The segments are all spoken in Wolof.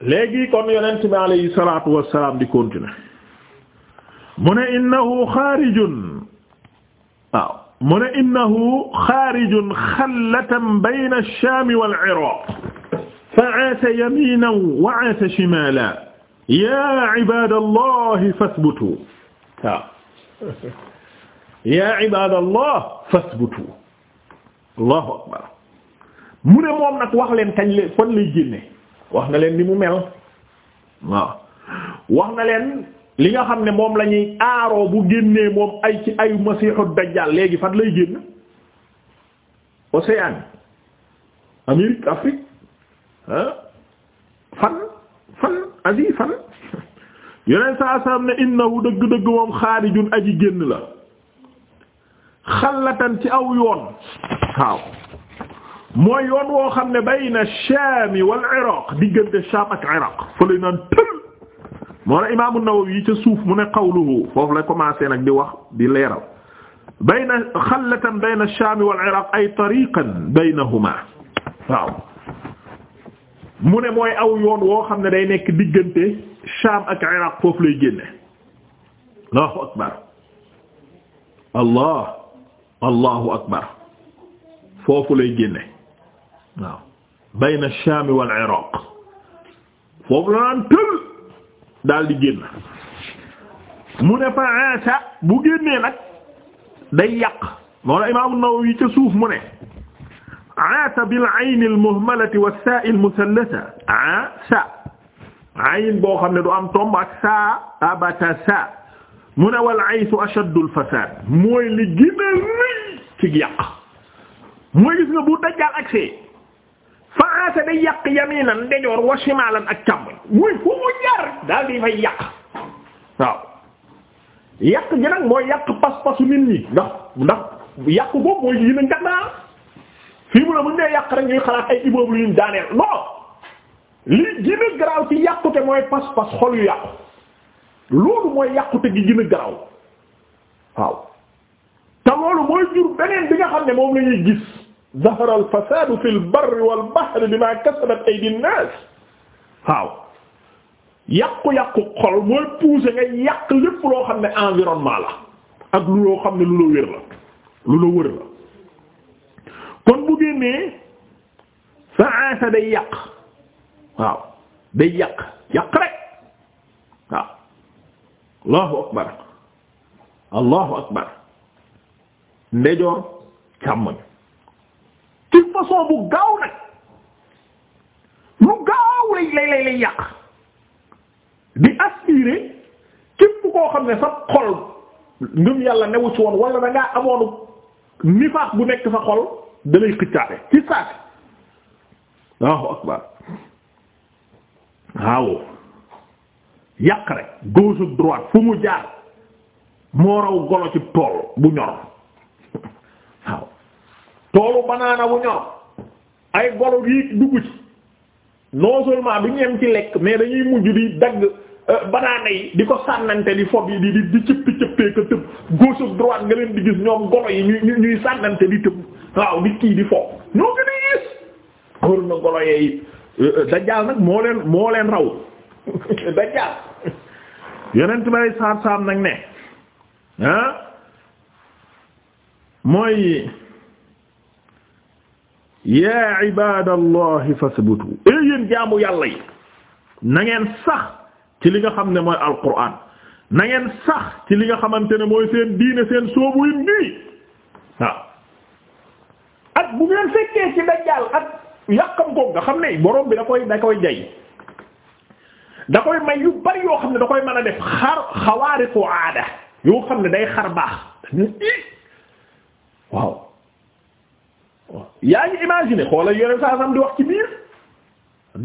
léegi kon yonent bi alayhi salaatu wassalaam di continuer mu ne innahu xaarijun waaw mu ne innahu xaarijun xallatan bayna ash-shaam wal iraaq fa'aasa yamiinan wa 'aasa shimaalan yaa ibaadallaahi fasbutuu waaw yaa ibaadallaahi fasbutuu allaahu akbar mu ne moom nag wax leen kañ la fan lay génne wax na leen ni mu mel waaw wax na leen li nga xam ne moom lañuy ñuy bu génnee moom ay ci ayu masiixu dajjal léegi fan lay génn océan Amérique Afrique ah fan fan Asie fan yeneen saa saam ne innahu dëgg-dëgg moom xaarijun aji génn la xallatan ci aw yoon waaw mooy yoon woo xam ne bayna Shaam wal Iraq diggante Shaam ak Iraq fële naan tël ca suuf mu ne qawluhu foofu la commencé nag di wax di leeral bayna xallatan bayna Shaam wal Iraq ay tariqan baynahumaa waaw mu ne mooy aw yoon woo xam ne day nekk diggante Shaam ak Iraq lay génne Allahu akbar Allah Allahu akbar foofu lay génne waaw bayna Shaam wal Iraq foofu la naan tël daal di génn mu ne fa ansa bu génnee nag day yàq moo la Imaam An-Nawawi ca suuf mu ne aasa bil ayn al muhmalati wa saa al musallasa aasa ayn boo xam ne du am tomb ak saa abata saa mu ne wal aysu ashaddu al fasaad mooy li gën a rëy ci yàq mooy gis nga bu dajjaal ak see faransa day yàq yaminan ndejoor wa shimalan ak càmmoñ muy fu mu jar daal di fay yàq waaw yàq gi nag mooy yàq pas-pasu nit ñi ndax ndax yàq boobu mooy yi na nganaa fii mu ne bu ñu nee yàq rek ñuy xalaat ay immeuble yuñ daaneel non li gën a garaaw ci yàqute mooy pas-pas xol yu yàqu loolu mooy yàqute gi gën a garaaw waaw te loolu mooy jur beneen bi nga xam ne moom la ñuy gis zahara al-fasaadu fil barri wal bahri bimaa kasabat aydin naas waaw yàqu-yàqu xol mooy pousser nga yàq lépp loo xam ne environnement la ak lu loo xam ne lu la wér la lu la wër la kon bu génnee faasa day yàq waaw day yàq yàq rek waaw allahu akbar allahu akbar ndejoor càmmoñ ci façon bu gaaw nag lu gaaw lay lay lay yàq di aspirer képp koo xam ne sa xol ngëm yàlla newu ci woon wala da ngaa amoonu nifaaq bu nekk sa xol da lay xëccaate ci saati Allahu akbar waaw yàq rek gauche droite fu mu jaar moo raw golo ci tool bu ñor toolu banaana bu ñor ay golo yi dugg ci non seulement du ñu ci lekk mais dañuy mujj di dagg euh, banaana yi di ko sànnante di fob yi di di di cëppee ka tëb gauche droite nga leen di gis ñoom golo yi ñuy ñuy sànnante di tëb waaw di kii di fob ñoo gën a gis. wër euh, nag moo leen moo leen raw dajjaal yeneen tubaab yi saam saam nag ne ah mooy. yaa ibadallahi fasbutu ee eh, yéen jaamu yàlla yi na ngeen sax ci li nga xam ne mooy alquran na ngeen sax ci li nga xamante ne mooy seen diine seen soobu yi nii waaw ak bu ngeen fekkee ci dajjaal ak yàqam ko nga xam ne borom bi da koy da koy jay da koy may yu bari yoo xam ne da koy mën a def xar xawaariqu aada yoo xam ne day xar baax waaw yaa ngi imaginer xoolal yore saa sam di wax ci biir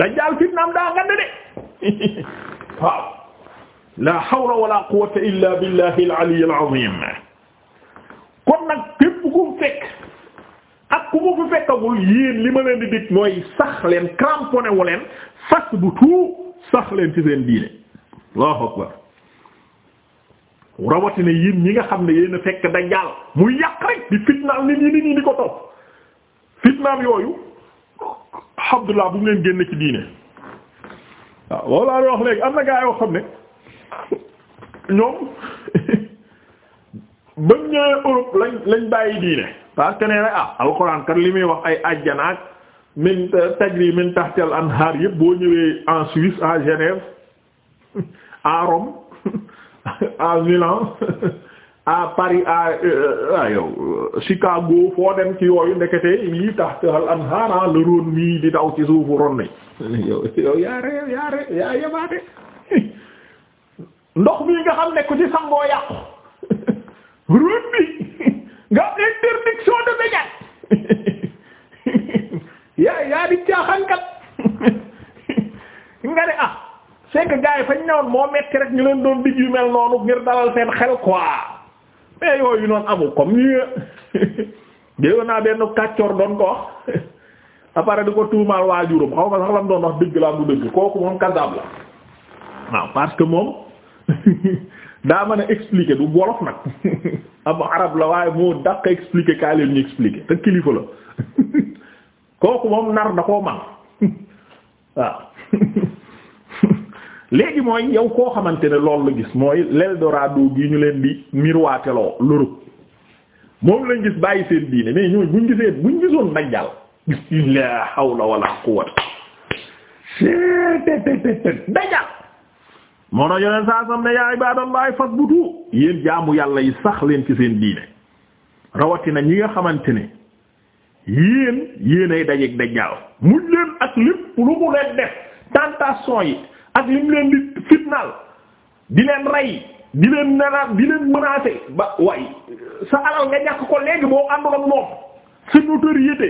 dajjaal fitnaam daa ngand de waaw la hawla wala quwwata illa billahi al-ali al kon nag képp ku fekk ak ku mu fekkagul yéen li ma leen di dégg mooy sax leen cramponné wu fas bu tuut sax leen ci seen diine Allahu akbar rawatina yéen ñi nga xam ne yéen fekk dajjaal mu yàq rek di fitnaal nit ñi di ko topp fitnaam yooyu alhamdulilah bu mu leen génn ci diine waaw loolu wax léegi am na gaa yoo xam ne ñoom ba ñëwee lañ lañ bàyyi diine parce nee na ah, alxuraan kat li muy wax ay ajjanaak min euh, tajri min tahtil anhar yëpp boo ñëwee en Suisse en Genève en Rome en Milan à Paris à euh, euh, ah, yow euh, Chicago foo dem ci yooyu ndekete lii tax al anhara ah, le Rhône mii di daw ci suufu Rhône nañ yaa re yaa re ndox mii nga xam ne ku ci sangoo yàqu Rhône bi nga am interdiction de baignade yaa yaa di caaxankat nga ne ah c'est que fañ newoon moo metti rek ñu leen doon digg yu mel noonu ngir dalal seen xel quoi mais eh, yooyu noonu amul comme ñu dégg naa benn kàccoor doon ko wax après di ko tuumaal waajuram xaw ma sax la mu doon wax dëgg la am dëgg kooku moom kazaab la waaw parce que moom daa mën a expliquer du wolof nag am arab la waaye moo daq expliquer kaa leen ñu expliquer te kilifa la kooku moom nar da koo man waaw léegi mooy yow koo xamante ne lool la gis mooy l'Eldorado gi ñu leen bi miroiteloo l'Europe moom lañ gis bàyyi seen diine mais ñooñu buñ gisee buñ gisoon Dajjal la hawla wala quwwata Dajjal moo na yoneen saa sam ne yaa ibadallahi fasbutu yéen jaamu yàlla yi sax leen ci seen diine rawatina ñi nga xamante ne yéen yéen ay dajeek Dajjal muñ leen ak lépp lu mu leen def tentation yi ak lim leen di fitnaal di leen rey di leen nana di leen menacer ba waaye sa alal nga ñàkk ko léegi boo àndul ak moom sa notoriété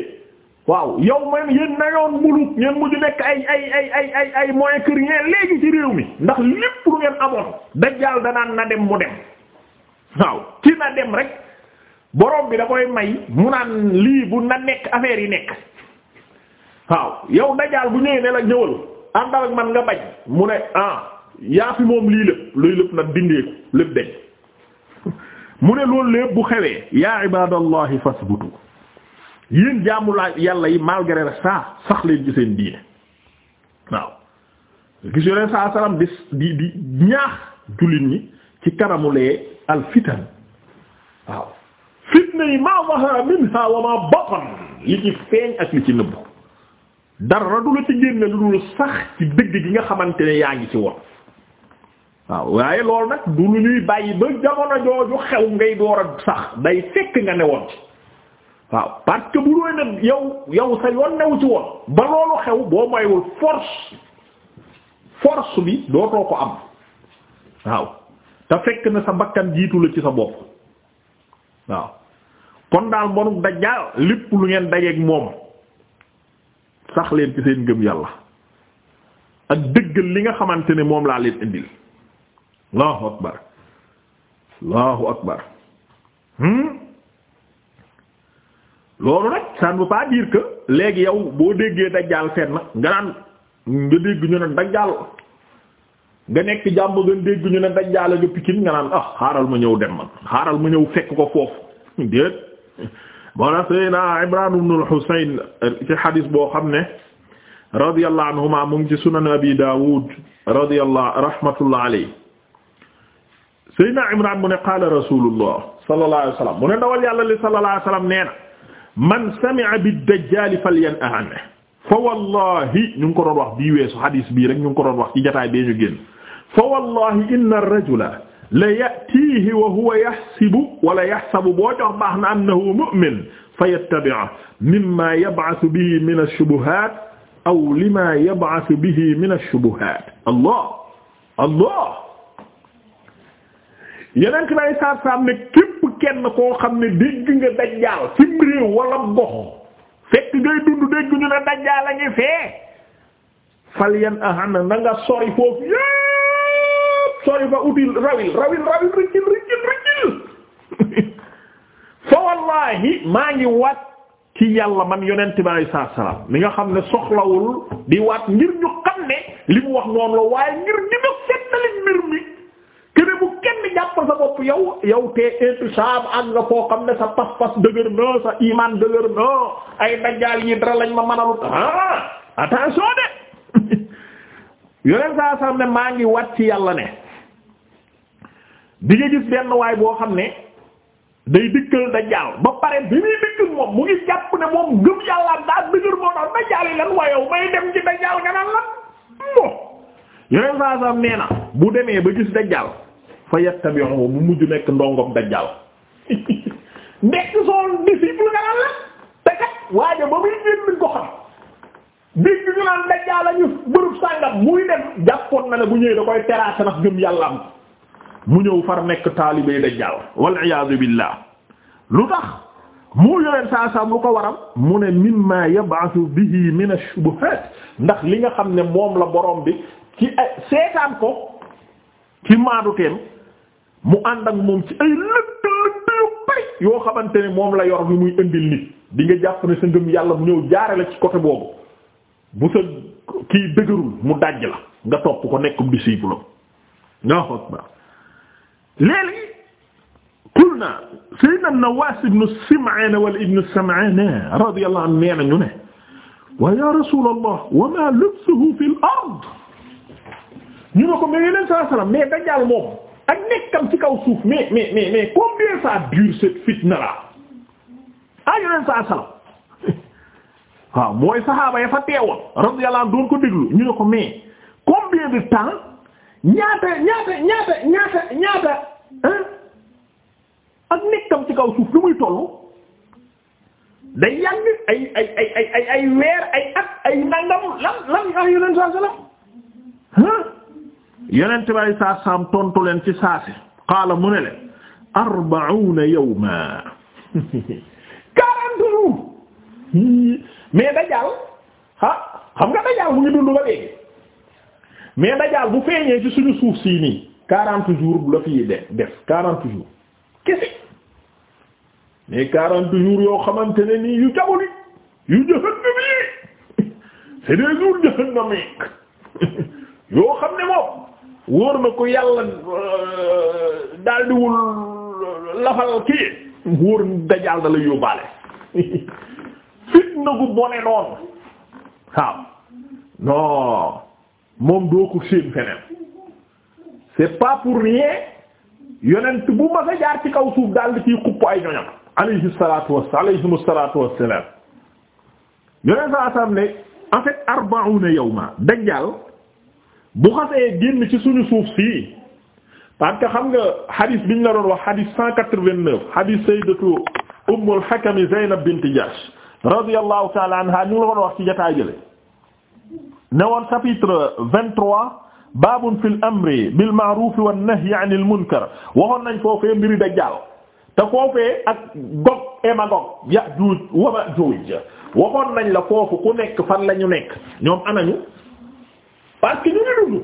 waaw yow man yéen nayoon muluk ngeen mujj nekk ay ay ay ay ay ay moyens rien léegi ci réew mi ndax lépp lu ngeen amoon dajjaal danaan na dem mu dem waaw ci na dem rek borom bi da koy may mu naan lii bu na nekk affaire yi nekk waaw yow dajjaal bu ñëwee ne la ñëwal àndal ak man nga bañ mu ne ah yaa fi moom lii lépp luy lépp nag dindeeku lépp deñ mu ne loolu lépp bu xewee yaa ibadallahi fasbutu yéen jaamu laa yàlla yi malgré ça sax leen ci seen diine waaw gis yoneen saa salaam di di di ñaax jullit ñi ci kanamulee alfitan waaw fitna yi ma wahara minha wa ma batan li ci feeñ ak li ci nëbb dara du la ci génne lu dul sax ci dëgg gi nga xamante ne yaa ngi ci woon waaw waaye loolu nag du lu ñuy bàyyi ba jamono jooju xew ngay door a sax day fekk nga ne woon waaw parce que bu doon nag yow yow sa yoon new xew boo moywul force force bi dootoo ko am waaw te fekk na sa bakkan jiitu la ci sa bopp waaw kon daal mbonuk dajjaal lépp lu ngeen dajeek moom sax leen ci seen ngëm yàlla ak dëggal li nga xamante ne moom laa leen indil hmm? loolu nag ça ne veut pas dire léegi yow boo déggee dajjaal fenn nga naan nga dégg ñu ne dajjaal nga nekk jàmm nga dégg ñu ne dajjaal nga Pikine nga naan ah xaaral ma ñëw dem man xaaral ma ñëw fekk ko foofu déet moona Seydina Imran ibn al-Husayn ci xadis boo xam ne radiyallahu anhuma mu ngi ci sunan Abi Dawud radiyallahu rahmatullahi alayhi Seydina Imran mu ne qaala rasulullah sallallahu alayhi wa sallam mu ne ndawal yàlla li sallallahu alayhi wa sallam nee na man sami'a bid-dajjal falyanha anhu fa wallahi ñu ngi ko doon wax bii weesu xadis bii rek ñu ngi ko doon wax ci jotaay bee ñu génn fa wallahi inna ar-rajula la yatiihi wa huwa yaxsibu wala yaxsabu boo jox baax na annahu mu'min fa yattabi'u mimma yab'athu bihi min ash-shubuhaat aw lima yab'athu bihi min ash-shubuhaat allah allah yeneen ki may saat saam ne képp kenn koo xam ne dégg nga dajjaal ci réew wala gox fekk ngay dund dégg ñu ne dajjaal a ngi fee fal yanha na nga sori foofu sooy fa util rawil rawil rawil riccil riccil fa wallahi maa ngi waat ci yàlla man yonent bi alayhi salaatu salaam mi nga xam ne soxlawul di waat ngir ñu xam ne li wax noonu la waaye ngir dina seddali mbir mi kene bu kenn jàppal sa bopp yow yow te intouchable ak nga foo xam ne sa pas-pas dëgër na sa iman dëgër na ay dajjaal yi dara lañ ma mënalut ah attention de yonent saa salaam ne maa ngi wat ci yàlla ne di nga gis benn waay boo xam ne day dikkal dajjaal ba pare bi muy dikkal moom mu ngi jàpp ne moom ngëm yàlla daa dëgër moo tax yi lan wayow may dem ci dajjaal nga naan lan na bu demee ba gis dajjaal fa yattabi'u mu mujj nekk ndongom dajjaal nekk son disciple nga naan lan te kat waajo ba muy génn ko xam dégg ñu naan dajjaal la bërëb sàngam muy dem jàppoon na ne bu ñëwee da koy terrasse nag ngëm yàlla mu ñëw far nekk taalibey dajjal wal iyaadu billah lu tax mu yoneen saa saam lu ko waral mu ne mimma yab'athu bihi min ash-shubuhat ndax li nga xam ne moom la borom bi ci eh, seetaan ko ci maadu mu àndak moom ci ay lëtt lëtt yu bari yoo xamante ne moom la yor bi muy indil nit di nga jàpp ne sa ngëm yàlla mu ñëw jaare la ci côté boobu bu sa kii dëgërul mu dajj la nga topp ko nekkum disciple nga xot léegi qulna sayyidina Nawaas ibn Sam'aan wala ibn Sam'aan radiyallahu anhu nee na ne wa ya rasulallah wa ma lubsuhu fil ard ñu ne ko mais yeneen saa salaam mais Dajjaal moom ak nekkam ci kaw suuf mais mais mais mais combien ça dure cette fitna saa salaam waaw mooy saxaaba ya fa teewoon radiyallahu anhu doon ko déglu ñu ne ko mais combien de ñaata ñaata ñaata ñaata ñaata ak nekkam ci kaw suuf lu muy tollu day yàgg ay ay ay weer ay at ay nangam lan lan ah yonent saa salaam ah yonent bay saa saam tontu leen ci saasi qaala mu ne leen arba'una yawma quarante jours mais Dajjal ah xam nga Dajjal mu ngi dund ba léegi mais dajaal bu feeñee ci suñu suuf sii nii quarante jours la fi de def quarante jours kese mais quarante jours yoo xamante ne nii yu jaboli yu jahannam yi c'est des jours jahannamiques yoo xam ne moom wóor na ko yàlla euh, daldiwul lafal kii wóor dajaal da lay yóbbaale fitna gu bone noonu waaw non moom doo ko séen feneen c'est pas pour rien yonent bu ma sa jaar ci kaw suuf daal di ciy xupp ay ñoñam alayhi salatu wassalam alayhim salatu wassalam yonent saa sallam ne en fait arbauna bu xasee génn ci suñu suuf sii parce xam nga xadis bi ñu la doon wax xadis cent quatre-vingt-neuf xadis sayyidatu ummul hakam Zaynab bint Jahsh radiyallahu ta'ala anha ñu la doon wax ci jotaay jële newoon chapitre vingt-trois baabun fil amri bil ma'ruf wan nahyi 'anil munkar waxoon nañ foofee mbiri dajjaal te foofee ak Gog et Magog Ya'juuj wa Ma'juuj waxoon nañ la foofu ku nekk fan la ñu nekk ñoom anañu parce que ñu ngi dund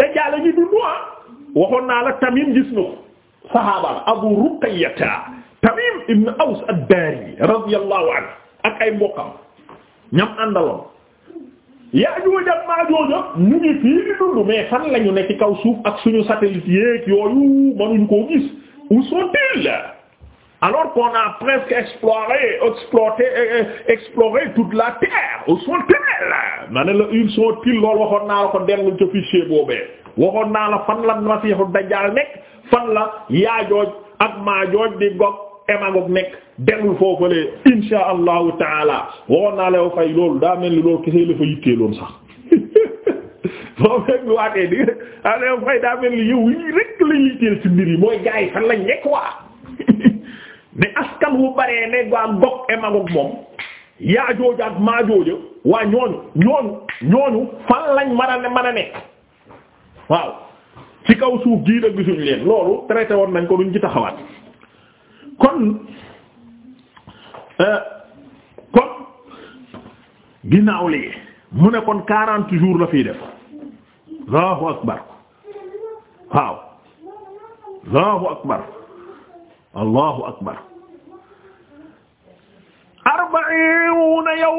dajjaal la ñu dund ah waxoon naa la Tamim gis na ko Abu Ruqayyata Tamim ibn Aws ad-Dari radiyallahu anhu ak ay mbokkam ñam àndaloon Yaajuuj ak Maajuuj ñu ngi fii di dund mais fan la ñu ne ci kaw suuf ak suñu satellite yeeg yooyu mënuñu koo gis où sont-ils alors qu'on a presque exploré exploité exploré la terre où sont-ils ma ne la ils sont-ils waxoon naa la ko dellu ca fichier boobee waxoon naa la fan la Masiixu Dajjaal nekk fan la Yaajuuj ak Maajuuj di gog emagog nekk dellul foofalee insha allahu taala waxoon naa la fay loolu daa mel ni loolu kese la fa yitteeloon sax boo fekk lu waatee di alew ah fay daa mel ni yow yi rek la yitteel ci mbir yi mooy gaay fan lañ nekk waa ne askan wu baree ne waa gog emagog moom yaa jooja maa jooja waa ñooñu ñooñu ñooñu fan lañ mën a nekk waaw ci kaw suuf gii da gisuñ leen loolu traité woon nañ ko duñ ci taxawaat kon euh, kon lii mu ne kon quarante la fiy def Allahu akbar Allahu akbar Allahu akbar arba'iina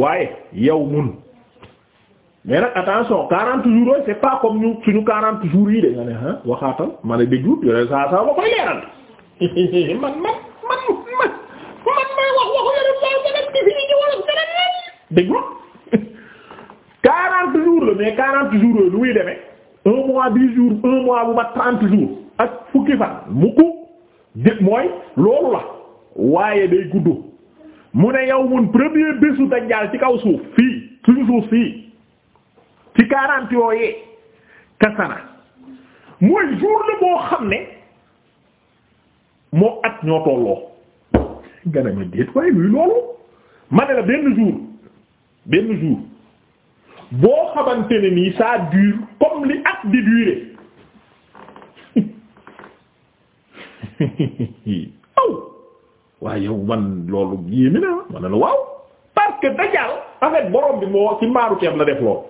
waaye yawmun mais nag attention 40 jours yooyu c'est pas comme ñu suñu 40 jours yi de nga ne ah waxaatal ma ne déglu yore saa saa ba koy leeral man man man la mais 40 jours yooyu lu muy deme un mois 10 jours un mois bu mat 30 jours ak fukki fan mukk dégg mooy loolu la waaye day gudd mu ne yow mun premier bésu dajjaal ci kaw suuf fii suñu suuf fii. ci quarante yooyee kasana mooy jour la boo xam ne moo at ñoo tolloo nga déet waaye luy loolu ma la benn jour benn jour boo xamante ne nii ça comme li at di durer aw waaye yow man loolu yéeme na ma la waaw parce que dajal en borom bi moo ci mbaaru teeb la def loolu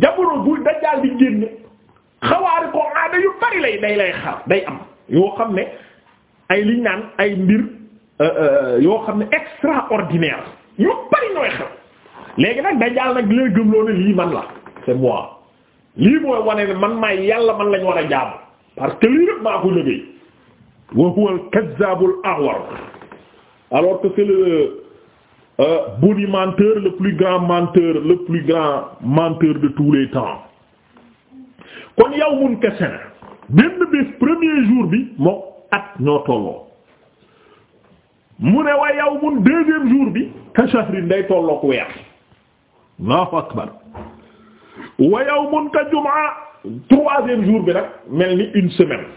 jamono bu dajjaal di génn xawaari ko aada yu bari lay day lay xar day am yoo xam ne ay liñ naan ay mbir euh, euh, yoo xam ne extraordinaire yu bari ñooy xar léegi nag dajjaal nag leen gëmloo man la c'est moi lii mooy wane man maay yàlla man lañ war a jaamu parce que lii rek maa ko liggéey wa huwa al-kazzabul a'war alors que Euh, boni menteur le plus grand menteur le plus grand menteur de tous les temps kon yow mun kese na benn bés premier jour bi moom at ñoo tolloo mu ne wa yow mun deuxième jour bi ka shahrin day tollook weer Allahu akbar wa yow mun ka jumaa troisième jour bi nag mel ni une semaine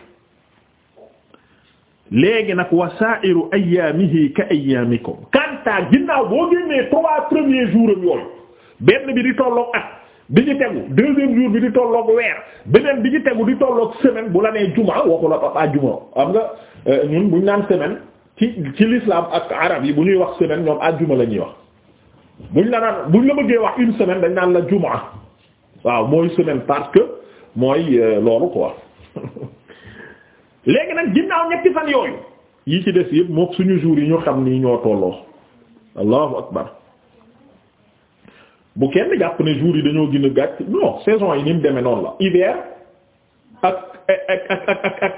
léegi nag wa sa'iru ayyaamihi ka ayyaamikum kanta ginnaaw boo génnee trois premiers jours am yooyu benn bi di tolloog at bi ci tegu deuxième jour bi di tolloog weer beneen bi ci tegu di tollook semaine bu la nee juma waxu la papa juma am nga euh, ñun buñ naan semaine ci ci l'islam ak arab yi bu ñuy wax semaine ñoom àjjuma la ñuy wax buñ la naan buñ la bëggee wax une semaine dañ naan la juma waaw mooy semaine parce que mooy euh, loolu quoi léegi nag ginnaaw ñetti fan yooyu yi ci des yëpp moo suñu jour yi ñu xam ni ñoo tolloo allahu akbar bu kenn jàpp ne jour yi dañoo gën a gàtt saison yi ni mu demee noonu la hiver ak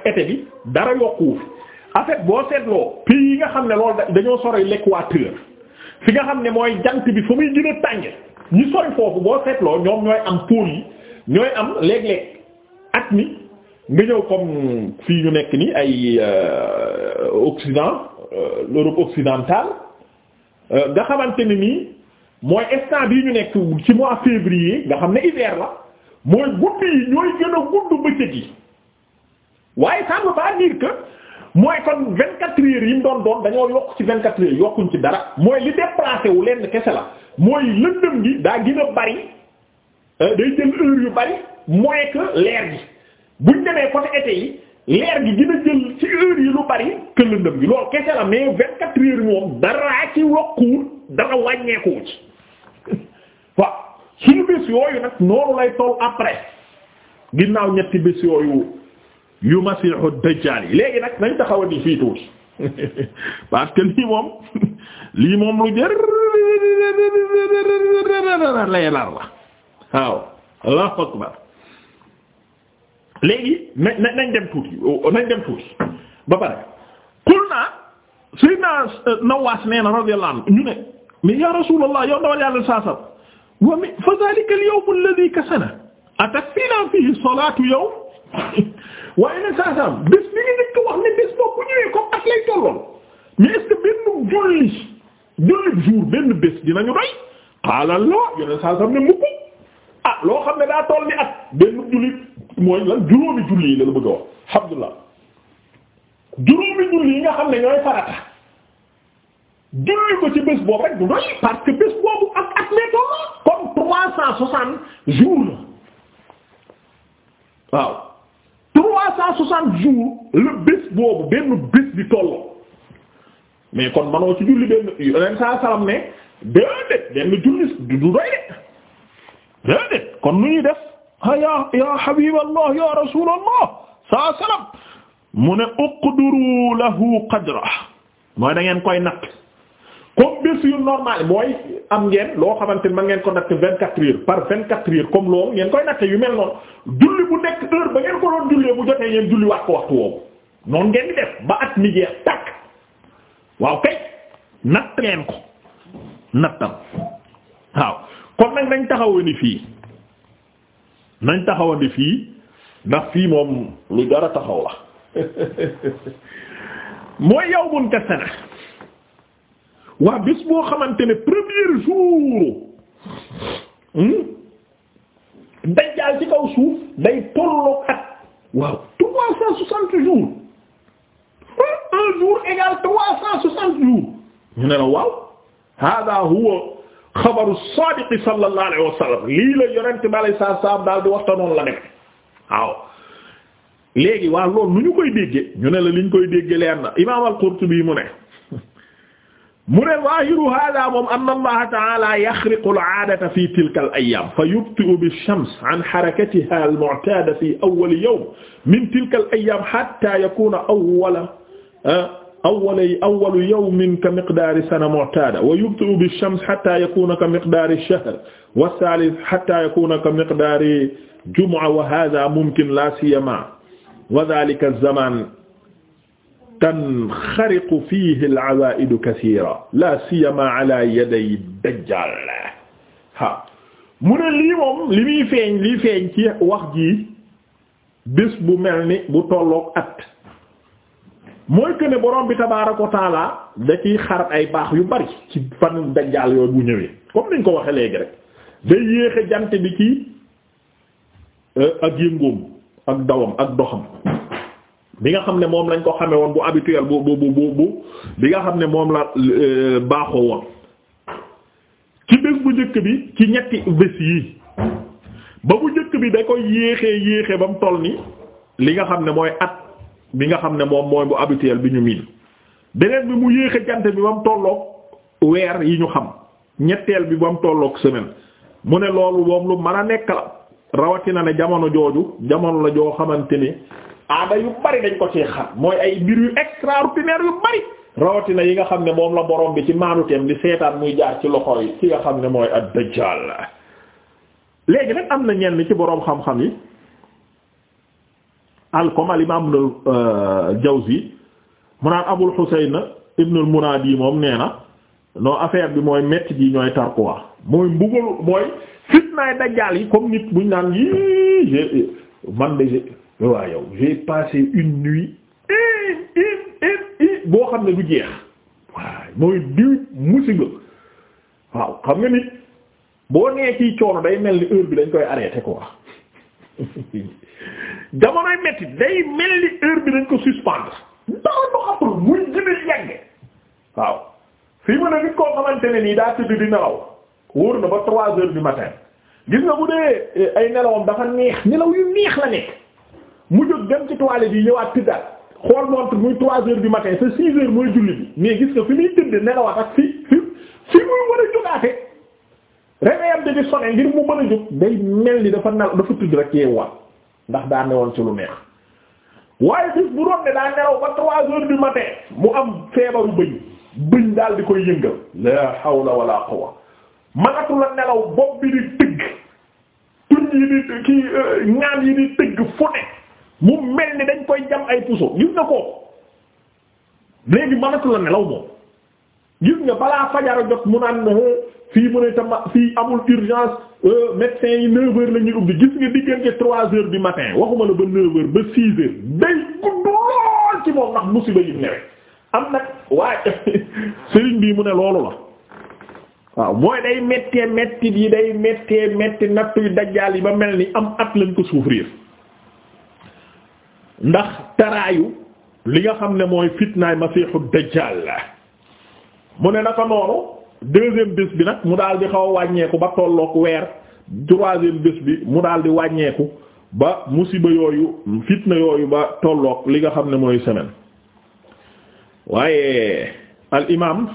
ak bi dara yokkuwu fi boo seetloo pays yi nga xam ne loolu dañoo sori l'équateur fi nga xam ne mooy jant bi fa muy gën a ñu sori foofu boo seetloo ñoom ñooy am pôle yi ñooy am léeg-léeg at mi nga ñëw comme fii ñu nekk nii ay euh, Occident l'Europe euh, occidentale euh, nga xamante ni nii mooy instant bii ñu nekk ci mois février nga xam ne hiver la mooy guddi yi ñooy gën a gudd bëccëg yi waaye ça veut pas dire que mooy kon vingt quatre heures yi mu doon doon dañoo yokk ci vingt quatre heures yokkuñ ci dara mooy li déplacé wu lenn kese la mooy lëndëm gi daa gën bari day jël heure yu bari mooy que leer gi bu demee côté été yi leer gi dina jël ci heure yi lu bari que lëndëm gi loolu kese la mais vingt quatre moom dara ci yokkuwul dara wàññeekuwu ci waaw suñu bés yooyu nag noonu lay toll après ginnaaw ñetti bés yooyu yu masiixu dajjaal yi léegi nag nañ taxawa di fii tuuti parce que lii moom lii moom lu jër lay lar la waaw Allahu akbar léegi na nañ dem tuuti nañ dem tuuti ba pare xul naa suy naa euh, nawaas ñu ne mais ya rasulullah yow dawal yàlla saasam fa zalika al yawm alladhi kasana atafina fihi salatu yawm wax ne bés boobu bu ñëwee comme ak lay tolloon mais est-ce que benn julli julli jour dinañu doy xaalal la yoneen saasam ne mukk ah loo xam ne daa toll ni at benn jullit mooy lan juróomi julli yi la la bëgg wax alhamdulilah juróomi julli yi nga xam ne ñooy farata julli ko ci bés boobu rek du doy parce que bés boobu ak at mee toll comme trois cent soixante jours la waaw trois cent soixante jours la bés boobu benn bés di tolloo mais kon manoo ci julli benn yeneen saa salaam ne déedéet benn julli du doy de déedéet kon nu ñuy def a ya ya habiballah ya rasulallah saa salam mu ne uqduru lahu qadra mooy da ngeen koy natt comme bés yu normal mooy am ngeen loo xamante ni man ngeen ko natt vint quatre heures par vingt quatre heures comme loolu ngeen koy natte yu mel noonu julli bu nekk heure ba ngeen ko doon jullee bu jotee ngeen julli waat ko waxtu woowu noonu ngeen def ba at mi jeex tàkk waaw kay natt leen ko nattam waaw kon nag nañ taxawandi fii nañ taxawandi fii ndax fii moom lu dara taxaw la mooy yawmun ka sana waa bis boo xamante ne premier jour hmm? dajjaal ci kaw suuf day at waaw trois cent soixante jours jour égal trois cent soixante jours ñu ne la waaw hada huwa xabaru saadiqi sallallahu alayhi wa sallam lii la yonent bi alayhi salaatu salaam daal di waxtaanoon la nekk waaw léegi waa loolu nu ñu koy déggee ñu ne la li ñu koy déggee leen na imaam al-Qurtubi mu ne mu ne zaahiru haadaa moom anna Allaha ta'aalaa yaxriqu al-'aadata fii tilka al-ayyaam fa yubti'u bish-shams 'an harakatihaa al-mu'taada fii awwali yawm min tilka al-ayyaam hattaa yakuuna awwala awwali awwalu yawmin ka miqdaari sana mu'taada wa yubdi'u bish-shams hattaa yakuuna ka miqdaari ash-shahr wa ath-thaalith hattaa yakuuna ka miqdaari jumu'a wa haadhaa mumkin laa siyyamaa wa dhaalika az-zamaan tanxariqu fiihi al-'awaa'idu kathiiran laa siyyamaa 'alaa yaday ad-dajjaal ha mu ne lii moom li muy feeñ li feeñ ci wax ji bés bu mel ni bu tolloog at mooy que ne borom bi tabaaraka wa taala da ciy xar ay baax yu bari ci fan dajjaal yooyu bu ñëwee comme niñ ko waxee léegi rek day yéexe jant bi ci euh, ak yëngoom ak dawam ak doxam bi nga xam ne moom lañ ko xamee woon bu habituel bu bu bu bi nga xam ne moom la euh, baaxoo woon ci bés bu njëkk bi ci ñetti bés yi ba bu njëkk bi da koy yéexe yéexee ba mu toll ni li nga xam ne mooy at bi nga xam ne moom mooy bu habituel bi ñu miin beneen bi mu yéex a jant bi ba mu tolloog weer yi ñu xam ñetteel bi ba mu tolloog semaine mu ne loolu moom lu man a nekk la rawatina ne jamono jooju jamono la joo xamante ni aada yu bari dañ ko ci xam mooy ay mbir yu extraordinaire yu bari rawatina yi nga xam ne moom la borom bi ci maanuteem di seetaan muy jaar ci loxo yi ki nga xam ne mooy ad-Dajjal léegi nag am na ñenn ci boroom xam-xam yi. al comme al imaam Ibnul euh, Jawzi mu Abul Husayn Ibnul Munaadi moom nee na non affaire bi mooy métti ji ñooy tar quoi mooy mbugal mooy fitnaay dajjaal yi comme nit buñ naan yii j'ai man de xam ne du jeex waaw mooy diw musiba waaw xam nga nit boo nee coono day mel ni heure bi dañ koy arrêté quoi jamonoy metti day mel ni heure bi dañ ko suspendre dara du xatul muy gën a waaw fii mu ne nit koo xamante ne nii daa tëdd di nelaw wóor na ba trois heures du matin gis nga bu dee eh, ay nelawam dafa neex nelaw yu neex la nekk mu jóg dem ci toilette yi ñëwaat tëddaat xool montre muy trois heures du matin sa six heures mooy julli bi mais gis nga fi muy tëdd nelawaat ak fi fi fi muy war a jógaate réveil am di sone ngir mu mën a jóg day mel ni dafa nelaw dafa tëdd ndax daa newoon ci lu neex waaye bis bu doon ne daa nelaw ba trois heures du matin mu am feebaru bëñ bëñ daal di koy yëngal la hawla wala quwwa manatu nelaw bopp bi di tëgg tuñ yi di kii euh, ñaan yi di tëgg fu ne mu mel ni dañ koy jam ay puso gis na ko léegi manatu nelaw moom gis nga balaa fajara jot mu naan fii mu ne tam fii amul urgence euh, médecin yi 9 heures la ñuy ubbi gis nga diggante 3 heures du matin waxuma la ba 9 ba 6 heures day gudd ci moom ndax musiba yi newe am nag waaye sëriñ bii mu ne loolu la waaw mooy day méttee métti yi day méttee métti nattu yu dajjaal yi ba mel ni am at lañ ko souffrir ndax taraayu li nga xam ne mooy fitnaay masiixu dajjaal la mu ne naka noonu deuxième bés bi nag mu daal di xaw a wàññeeku ba tolloog weer troisième bés bi mu daal di wàññeeku ba musiba yooyu fitna yooyu ba tolloog li nga xam ne mooy semaine waaye al imaam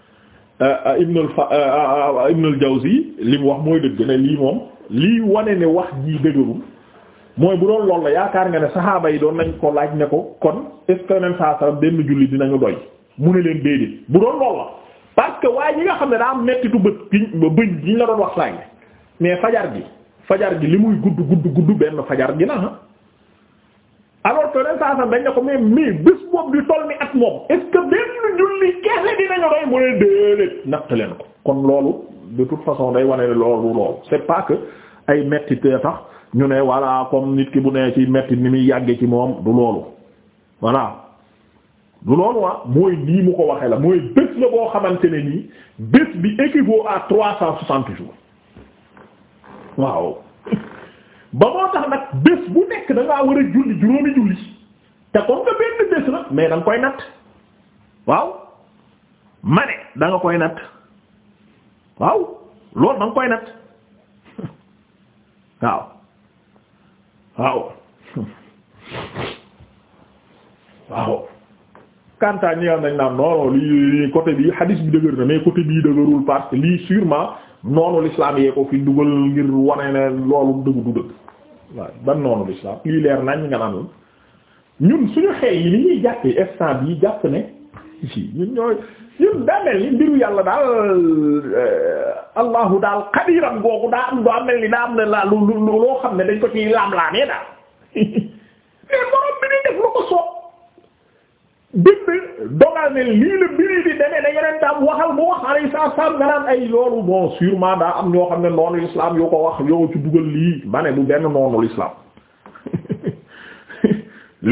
ibnul fa ibnul jawzi li mu wax mooy dëgg ne lii moom lii wane ne wax ji dëgërul mooy bu doon loolu la yaakaar nga ne saxaaba yi doon nañ ko laaj ne ko kon est-ce que nen saa saa doy mu ne leen déedéet bu doon lool la parce que waaye ñi nga xam ne daa am mettitu bët bëñ gi ñu la doon wax sànni mais fajar gi fajar gi li muy gudd gudd gudd benn fajar gi na ah. alors que ren saa sax dañ ne ko mais mais bés boobu di toll ni at moom est ce que benn julli keese dinañu doy mu ne déedéet natt leen ko kon loolu de toute façon day wane loolu loolu c'est pas que ay mettit tax ñu ne voilà comme nit ki bu nee ci mettit ni muy yàggee ci moom du loolu du loolu wa ah mooy nii mu ko waxee la mooy bés la boo xamante ne nii bés bi équivaut à trois cent soixante jours waaw ba moo tax nag bés bu nekk da war a julli juróomi julli te kon nga benn bés la mais da koy natt waaw ma ne koy natt waaw loolu waaw waaw waaw kantaa ñi nañ naan non lii côté bi hadis bi dëgër na mais côté bii dëgërul parce lii sûrement noonu l'islam yee ko fi dugal ngir wane ne loolu dëgg du dëgg waaw ban noonu l'islam lii leer nañ nga naan ñun suñu xel yi li ñuy jàppee instant bii jàpp ne ñun ñooy ñun daa mel ni mbiru yàlla daal euh, allahu daal xadiram googu daa am daa mel ni daa am ne laa lu loo xam ne dañ ko ciy laam laamee daal bind dogal ne lii la mbiri di demee da yeneen daam waxal mu wax alayhi salaam nga naan ay loolu bon sûrement am ñoo xam ne noonu l'islam yoo ko wax yoo ci dugal lii ba ne du benn noonu l'islam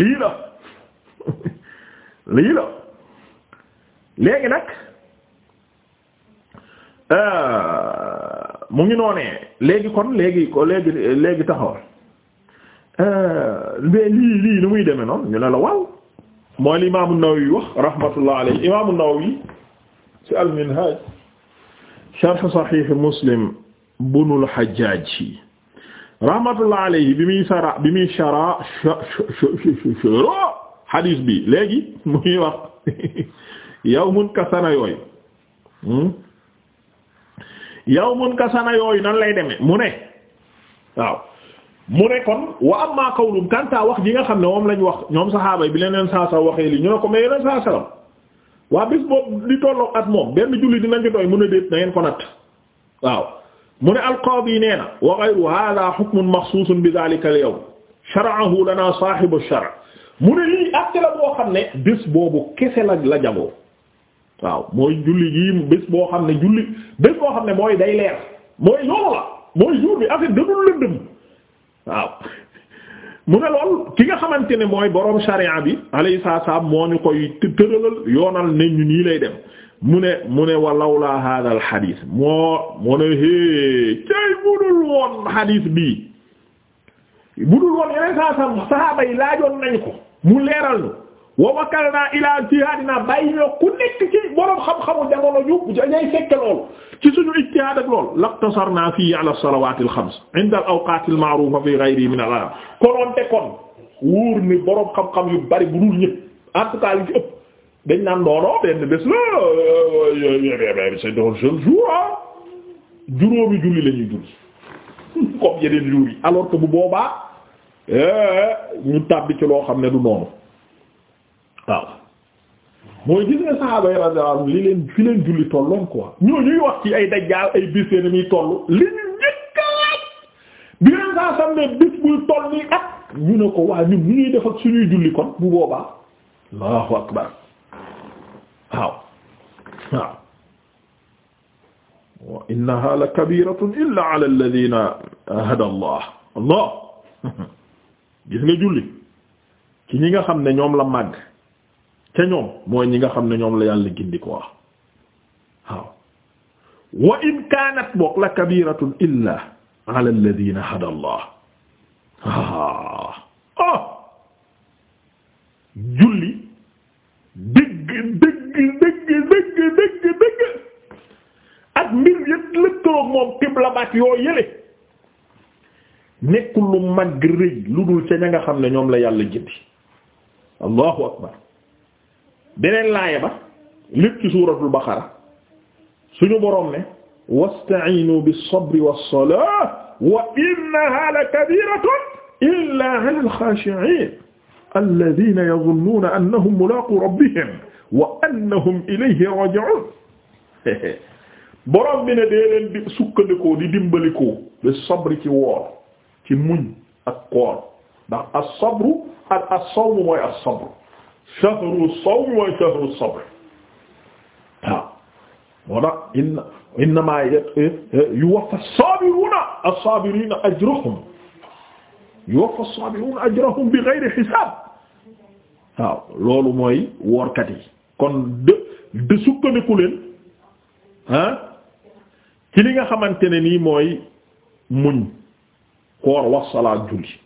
lii la léegi nag euh, mu ngi noonee léegi kon léegi ko léegi léegi taxawal euh, mais lii lii nu muy demee noonu ñu ne la waaw mooy li imaamu Nawawi wax rahmatullah alayhi imaamu Nawawi ci al-Minhaj sharh Sahih Muslim bunul Hajjaj rahmatullah alayhi bi muy sara bi muy shara hadis bi léegi mu ngi wax yawmun ka sana yooyu hmm? yawmun ka sana yooyu nan lay demee mu ne waaw mu ne kon wa amma qawlum kanta wax ji nga xam ne moom lañ wax ñoom saxaaba yi bi leneen saa sa waxee li ñu ne ko mais yeneen saa salaam waa bis boobu di tolloog at moom benn julli dinañ ci doy mu ne déet na ngeen ko natt waaw mu ne alqaadi nee na wa ghayru hadha hukmun maxsuusun bi dhalika al yawm shara'ahu lana saahibu shar' mu ne lii àtte la boo xam ne bés boobu kese la la jagoo waaw mooy julli gii bés boo xam ne julli bés boo xam ne mooy day leer mooy loolu la mooy jour bi affaire dadul lëndëm waaw mu lool ki nga xamante ne mooy boroom sharia bi alayhi salaam moo ñu koy tëralal yoonal ne ñu nii lay dem mu ne mu ne walawlaa hadal xadiis moo moo ne hee cay budul woon xadiis bii budul woon yeneen saa saam nañ ko mu leeral ñu wa wakalna ila jihaadina bàyyi ñoo ku nekk ci borom xam-xamu jamono ñu ñay fekke loolu ci suñu ijtihaad ak loolu laqtasarna fii ala salawaati alxams inda al awqaati almaarufa fi gayri min al alam konoon te kon wóor ni borom xam-xam yu bari bu dul ñëpp en tout cas li ci ëpp dañ naan noonoo benn bés la c'est un seul jour ah juróomi julli la ñuy bu boobaa eh, ñu tàbbi ci loo xam ne du noonu waaw mooy gis nga saxaaba yi li leen fi leen julli tolloon quoi ñoo ñuy wax ci ay dajjaal ay bis yi muy toll li ñu njëkk a laaj bi leen saa sam ne bis buy toll nii at ñu ne ko waa ñun ñu ñuy def ak suñuy julli kon bu boobaa allahu akbar waaw waaw wa innaha la kabiratun illa ala allah gis nga julli ci ñi nga xam ne ñoom la màgg te ñoom mooy ñi nga xam ne ñoom la yàlla gindi ko wax waaw wa in kaanat boog la kabiratun illa ala alladina hada allah ah. Ah. julli dëgg dëgg dëgg dëgg dëgg dëgg ak mbir yëpp lëkkaloog moom kiblabaat yoo yële nekkul lu mag rëy lu dul ca ña nga xam ne ñoom la yàlla gindi allahu akbar beneen laaya ba lépp ci suuratul baqara suñu boroom ne wasta'inu bis-sabri was-salati wa innaha lakabiratun illa 'ala al-khashi'in alladhina yadhunnuna annahum mulaqu rabbihim wa annahum ilayhi raji'un boroom bi ne dee leen di sukkandikoo di dimbalikoo bi sabri ci woor ci muñ ak koor ndax as-sabru ak as-sawm mooy as-sabr shahru sawm wa shahru sabr waaw moo tax inna innama eh, eh, yuwaffa as-sabiruna as-sabirina ajrahum yuwaffa as-sabiruna ajrahum bighayri hisab waaw loolu mooy woorkat yi kon de de sukkandiku leen ah ci li nga xamante ne nii mooy muñ koor wax salaat julli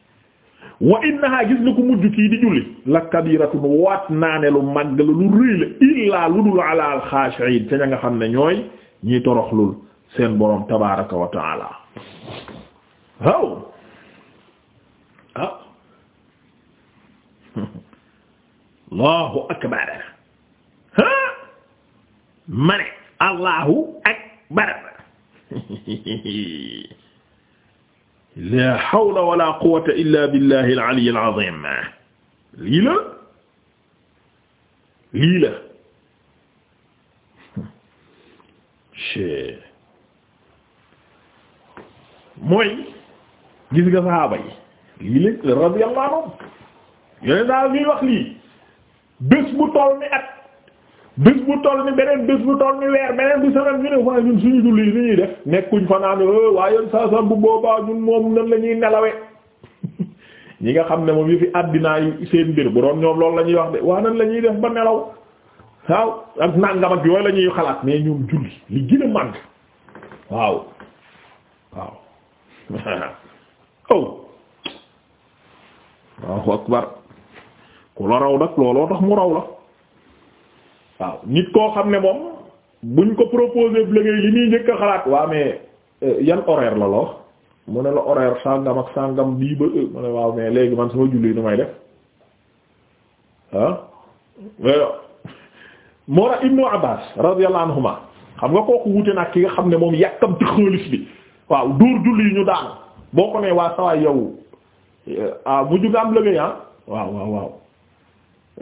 wa innaha gis nga ko mujj kii di julli la kabiratun waat naa ne lu màgg la lu rëy la illaa lu dul ala al ca ña nga xam ne ñooy ñiy toroxlul seen borom tabaraka wa taala allahu akbar ha ma ne allahu akbar la hawla wala quwwata illa billahi al-ali al-azim lii la lii la mooy gis nga saxaaba yi lii la radiyallahu anhum yooyu daal ñuy wax lii bés bu toll ni at bés bu toll ni beneen bés bu toll ni weer beneen bi semaine ñu ne waaye ñun suñu julli yi ñuy def nekkuñ fa naan eh, waaye yoon saa saa bu boobaa ñun moom nan la ñuy nelawe ñi nga xam ne moom yi fi àddinaay seen mbir bu doon ñoom loolu la ñuy wax de waa nan la ñuy def ba nelaw waaw ak nangam yooyu la ñuy xalaat mais ñoom julli li gën a màgg waaw waaw oh waaw akbar ku la raw nag looloo tax mu raw la waaw nit koo xam ne moom buñ ko proposé liggéey li ñuy njëkk xalaat waa mais euh, yan horaire la loo mu ne la horaire sàngam ak sàngam bii ba euh, mu ne waaw mais léegi man sama julli nu may def ah Mora Ibnu Abbas radiyallahu anhuma xam nga kooku wute nag ki nga xam ne moom yàkkamti xaalis bi waaw dóor julli yi ñu daan boo ko nee waa sawaay yow euh, ah mujj nga am liggéey ah? waaw waaw waaw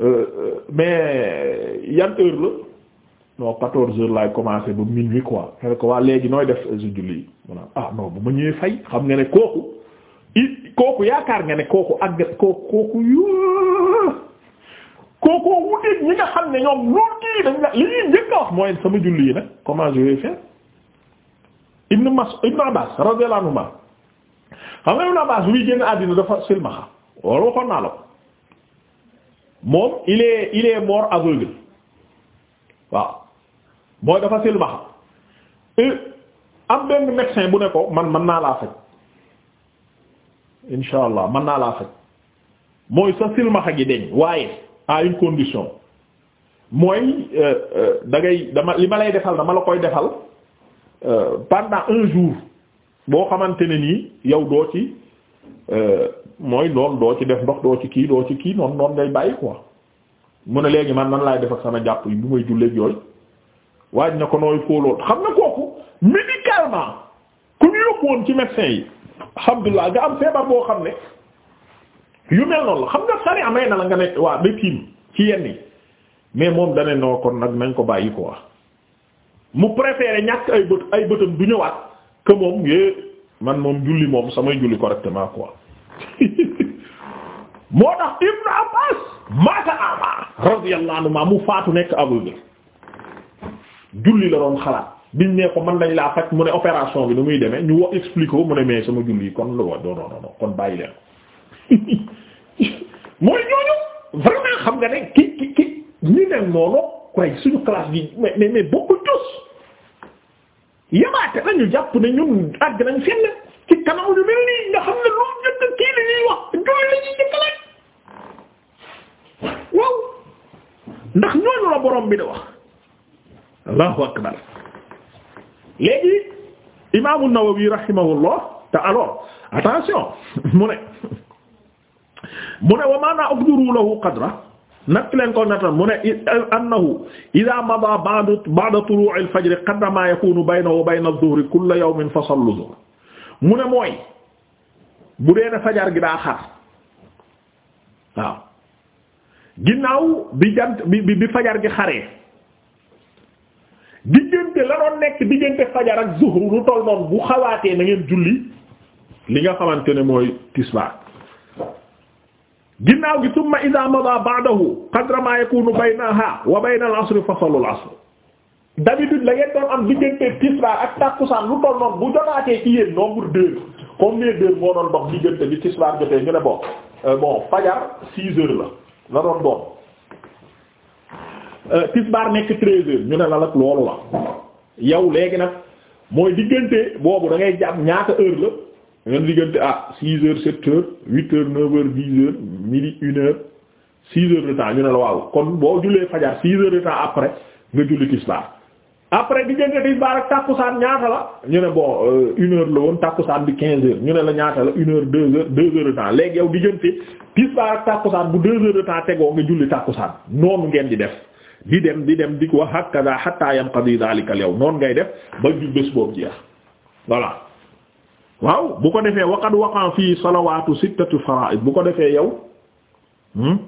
Euh, mais yan la non quatorze heures laay commencé ba minuit ko waa léegi nooy def si julli mu ne ah non bu ma ñëwee fay xam nga ne kooku it kooku yaakaar nga ne kooku àggat kooku kooku yoo kooku wuteeg ñi nga xam ne ñoom ñoo kii dañ li ñuy njëkk a wax mooy sama julli yi nag comment je vais faire Ibn Mas Ibn Abbas radiyallahu xam nga Ibn Abbas bu génn àddina dafa silmaxa loolu waxoon naa la ko moom il est il est mort aveugle waaw mooy dafa silmaxa e, am benn médecin bu ne ko man mën naa laa faj insha allah mën naa laa faj mooy sa silmaxa gi deñ waaye à une condition mooy e, e, da ngay dama li ma lay defal dama la koy defal pendant un jour boo xamante ne nii yow doo ci mooy loolu doo ci def ndox doo ci kii doo ci kii noonu noonu ngay bàyyi quoi mu ne léegi man nan laay def ak sama jàpp yi bu may julleeg yooyu waaj na ko nooy fóolool xam na kooku médicalement ku ñu yóbbu woon ci médecin yi alhamdulilah nga am feebar xam ne yu mel noonu la nga sari amee na la nga ne waa ba tiim ci yenn yi mais moom dane noo kon nag nañ ko bàyyi quoi mu préféré ñàkk ay bët ay bëtam du ñëwaat que moom man moom julli moom samay julli correctement quoi moo tax Ibnu Abbas maata ama radiyallahu anhu mu faatu nekk aveugle julli la doon xalaat biñ ne ko mën nañ laa faj mu ne opération bi nu muy demee ñu wax expliqué mu ne mais sama julli kon lu wa non non non kon bàyyi leen mooy ñooñu vraiment xam nga ne ki ki ki ñi ne noonu quoi suñu classe bi mais mais mais bokku yamaate la ñu jàpp ne ñun àgg nañ fenn ci kanam ñu mel nii nga xam ne loolu njëkk kii la ñuy wax julli la ñuy njëkk laaj waaw ndax ñooñu la borom bi di wax allahu akbar léegi imaamu Nawawi rahimahullah te alors attention mu ne mu ne wa maana lahu qadra natt leen ko nattal mu ne annahu ida mada ba'da ba'da tulu'il fajr qadra ma yakunu baynahu wa bayna adh-dhuhri kulla yawmin fa sallu mu ne mooy bu dee ne fajar gi daa xar waaw ginnaaw bi jant bi bi fajar gi xaree diggante la doon nekk diggante fajar ak zuhru lu toll noonu bu xawaatee na ngeen julli li nga xamante ne mooy tisbaar ginnaaw gi tumma ida mada ba'dahu qadra ma yakunu baynaha wa bayna al-asr fasalu al-asr d'habitude la ngeen doon am diggante tisbaar ak tàkkusaan lu toll noonu bu jotaatee ci yéen nombre d'heures combien d'heures moo doon dox diggante bi tisbaar jotee ñu ne bon euh, bon fajar six heures la la doon doon euh, tisbaar nekk treize heures ñu ne la nag loolu la yow léegi nag mooy diggante boobu da ngay jàpp ñaata heure la ngeen diggante ah six heures sept heures huit heures neuf heures dix heures midi une heure six heures de temps ñu ne la waaw kon boo jullee fajar six heures de temps après nga julli tisbaar après diggante tisbaar ak tàkkusaan ñaata la ñu ne bon euh, une heure la woon tàkkusaan bi quinze heures ñu ne la ñaata la une heure deux heures deux heures de temps léegi yow diggante tisbaar ak tàkkusaan bu deux heures de temps tegoo nga julli tàkkusaan noonu ngeen di def di dem di dem di ko hakada hatta yanqadi dhalika al-yawm noonu ngay def ba ju bés boobu waaw bu ko defee waqad waqa fii salawaatu sittatu fara'id bu ko defee yow hmm?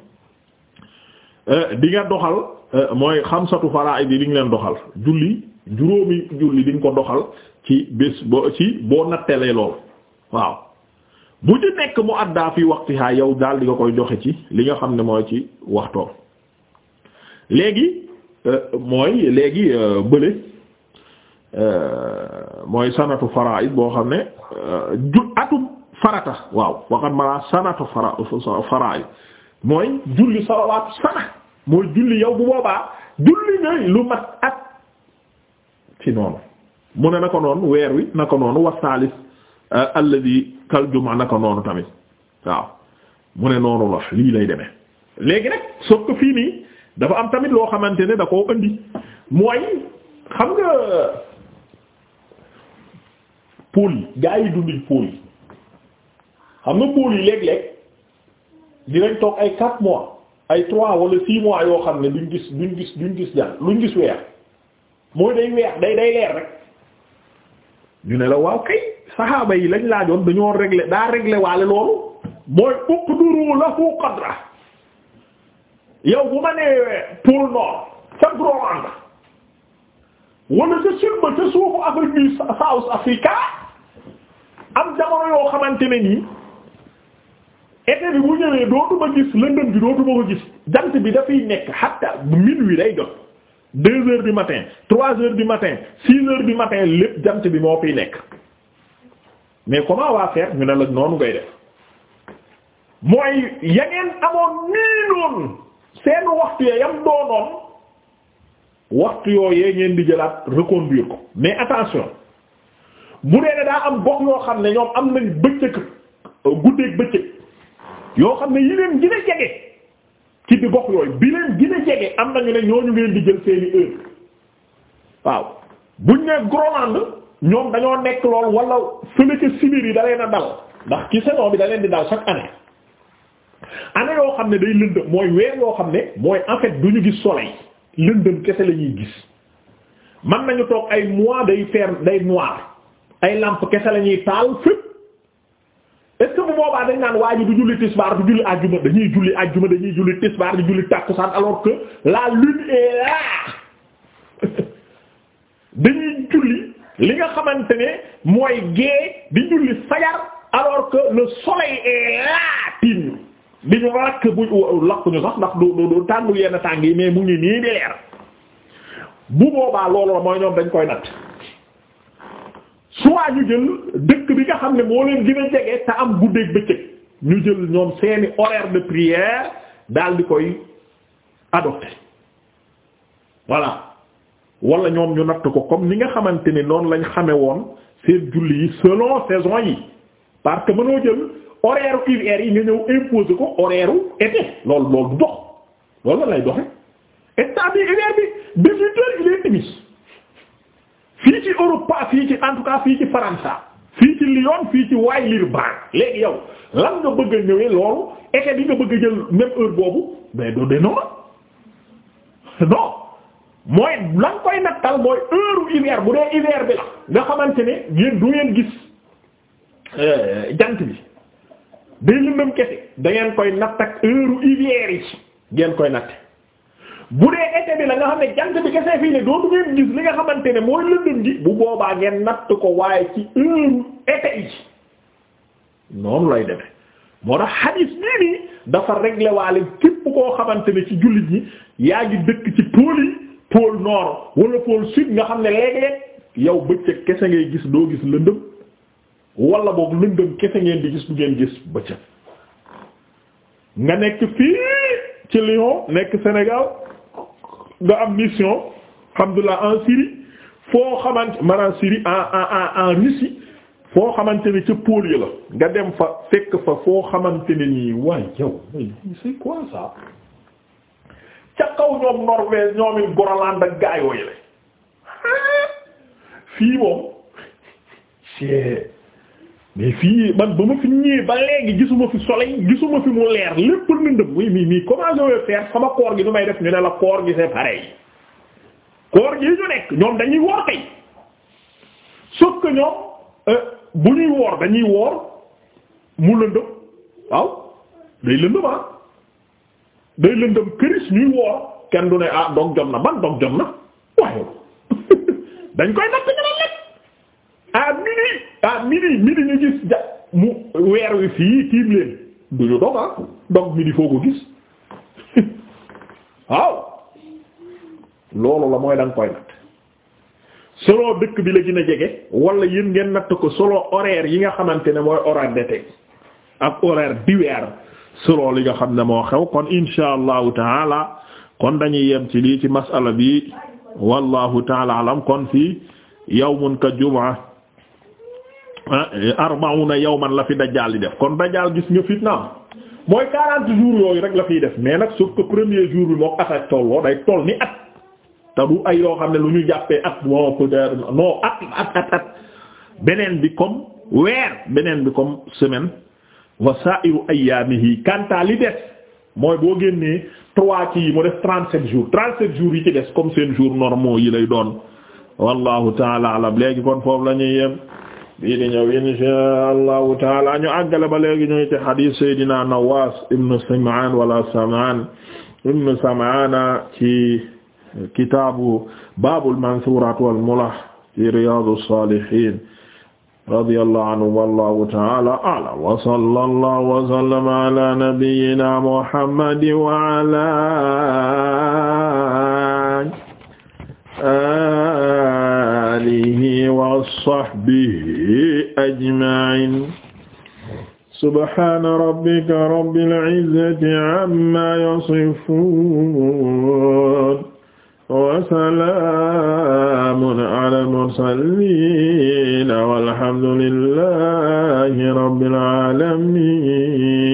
eh, di doxal eh, mooy xamsatu fara'id yi di nga leen doxal julli juróomi julli di nga ko doxal ci bés boo ci boo nattelee lool waaw bu ci nekk mu addaa fi waqtiha yow daal di nga koy joxe ci li nga xam ne mooy ci waxtoom léegi eh, mooy léegi bële mooy sanatu faraid boo xam ne ju atum farata waaw waxat malaa sanatu fara faraayu mooy julli salawaatu sana mooy julli yow bu boobaa julli ngay lu mat at ci noonu mu ne na ko noonu weer wi na ko noonu wasaalis euh, alladi kal juma na ko noonu tamit waaw mu ne noonu la lii lay demee léegi nag soog ko fii nii dafa am tamit loo xamante ne da koo indi mooy xam nga pôles yi gaa yi dundil pôles yi xam nga pôles yi léeg-léeg dinañ toog ay 4 mois ay trois wala 6 mois yoo xam ne duñ gis duñ gis duñ gis jàll luñ gis weer mooy day weer day day leer rek ñu ne la waaw kay saxaaba yi lañ laajoon dañoo régler daa régler waale loolu mooy uqduru lahu qadra yow bu ma nee pôle nord ca Groenland wala ca sud ba ca suufu Afrique South Africa am jamono yoo xamante ne nii été bi bu ñëwee dootuma gis lëndëm bi dootuma ko gis jant bi dafay nekk hatta minuit day jot deux heures du matin trois heures du matin six heures du matin lépp jant bi moo fiy nekk mais comment on va ñu ne la noonu ngay def mooy ya ngeen amoon miinoon seen waxtu ya yam doonoon waxtu yooyee ngeen di jëlaat reconduire ko mais attention bu dee ne daa am gox yoo xam ne ñoom am nañ bëccëg euh, guddeeg bëccëg yoo xam ne yi leen gën a jege ci bi gox yooyu bi leen gën jege am nañu ne ñooñu ngeen di jël seeni heure waaw buñ ne Groenland ñoom dañoo nekk lool wala fële ca yi dalee leen a dal ndax ci saison bi da leen di dal chaque année yoo xam ne day lëndëm mooy weer yoo xam ne mooy en fait du ñu gis soleil lëndëm kese la ñuy gis man nañu toog ay mois day faire day noir ay lamp kese lañuy ñuy taal fépp est bu boobaa dañ naan waa ji du julli tisbaar du julli àjjuma dañuy julli àjjuma dañuy julli tisbaar di julli tàkkusaan alors que la lune est là dañuy julli li nga xamante ne mooy gée di julli fajar alors que le soleil est là tiim di ñu lakk bu lakkuñu sax ndax du du tàngul yenn tàng yi mais mu ngi nii di leer bu boobaa looloo mooy ñoom dañ koy natt. soit ñu jël dëkk bi nga xam ne moo leen gën a jege te am guddeeg bëccëg ñu jël ñoom seeni horaire de prière daal di koy adopté voilà wala ñoom ñu natt ko comme ni nga xamante ni noonu lañ xame woon seen julli yi selon saison yi parce que mënoo jël horaire hiver yi nga ñëw imposer ko horaire été loolu loolu dox loolu lay doxe état bi hiver bi dix-huit heures il est timis fii ci Europe fii ci en tout cas fii ci France fii ci Lyon fii ci Villeurbanne léegi yow lan nga bëgg a ñëwee loolu été bi nga bëgg a jël même heure boobu mais doo dee noonu non mooy lan koy nattal mooy heure hiver bu dee hiver bi la nga xamante ne yéen du ngeen gis euh, jant bi day lëndëm kese da ngeen koy natt ak heure hiver yi ngeen koy natt. bu dee été bi la nga xam ne jant bi kese fii ne dootu ngeen gis li nga xamante ne mooy lëndëm gi bu boobaa ngeen natt ko waaye ci heure été yi noonu lay demee moo tax xadiis bii nii dafa réglé képp koo xamante ne ci jullit ñi yaa ngi dëkk ci pôle yi pôle nord wala pôle sud nga xam ne léeg-léeg yow bëccëg kese ngay gis doo gis lëndëm wala boog lëndëm kese ngeen di gis du ngeen gis bëccëg nga nekk fii ci Lyon nekk Sénégal nga am mission alhamdulilah en Syrie foo xamante maanaam Syrie en en en Russie foo xamante ne ca pôle la nga dem fa fekk fa foo xamante ne nii waaye yow c'est ca kaw ñoom Norvège ñoom it Groenland ak gaayooy la fii moom mais fii man ba ma fi ñëwee ba léegi gisuma fi soleil gisuma fi mu leer lépp nëndëm muy mii mii comment je vais sama koor gi nu may def ñu ne la koor gi c'est pareil koor gi ñu nekk ñoom dañuy woor tey sauf ñoom euh, bu ñuy woor dañuy woor mu lëndëm waaw day lëndëm ah day lëndëm këris ñuy woor kenn du ne ah dog jot na ban dog jot na waaye dañ koy natt ñu ne lekk ah minuit ah midi midi ñu gis mu weer wi fii tiim leen du ñu dog ah dog midi foo ko gis waaw loolu la mooy da nga koy natt selon dëkk bi la gën jege wala yéen ngeen natt ko solo horaire yi nga xamante ne mooy horaire d'été ak horaire d'hiver selon li nga xam ne moo xew kon insha allahu taala kon dañuy yem ci lii ci masala bi wallahu taala alam kon fii yawmun ka jumaa Eh, arba'una yawman la fi dajjaal di def kon dajjaal gis nga fitnaam mooy quarante jours yooyu rek la fiy def mais nag su que premier jour bi moo at ak tolloo day toll at te du ay yoo xam ne lu ñu jàppee at moo ko der at beneen bi comme weer beneen bi comme semaine wa sa'iru ayyaamihi kanta li des mooy boo génnee trois ci yi mu def trente sept jours trente sept jours yi ci des comme seen jours normaux yi lay doon wallahu taala alam kon foofu la yem bii di ñëw inshaa allahu taala ñu àggale ba léegi ñuy ci xadiis Seydina Nawaas ibnu Samaan wala Samaan ibnu Samaana ci kitaabu baabul mansuuraat wal mulah fi riyaadu saalihiin radiyallahu anhu wallahu taala a'lam wa sallallahu wa sallama ala nabiyyina Muhammad wa ala wa sahbihi ajma'in subhana rabbika rabbil izzati amma yasifun wa salamun ala mursalin walhamdulillahi rabbil alamin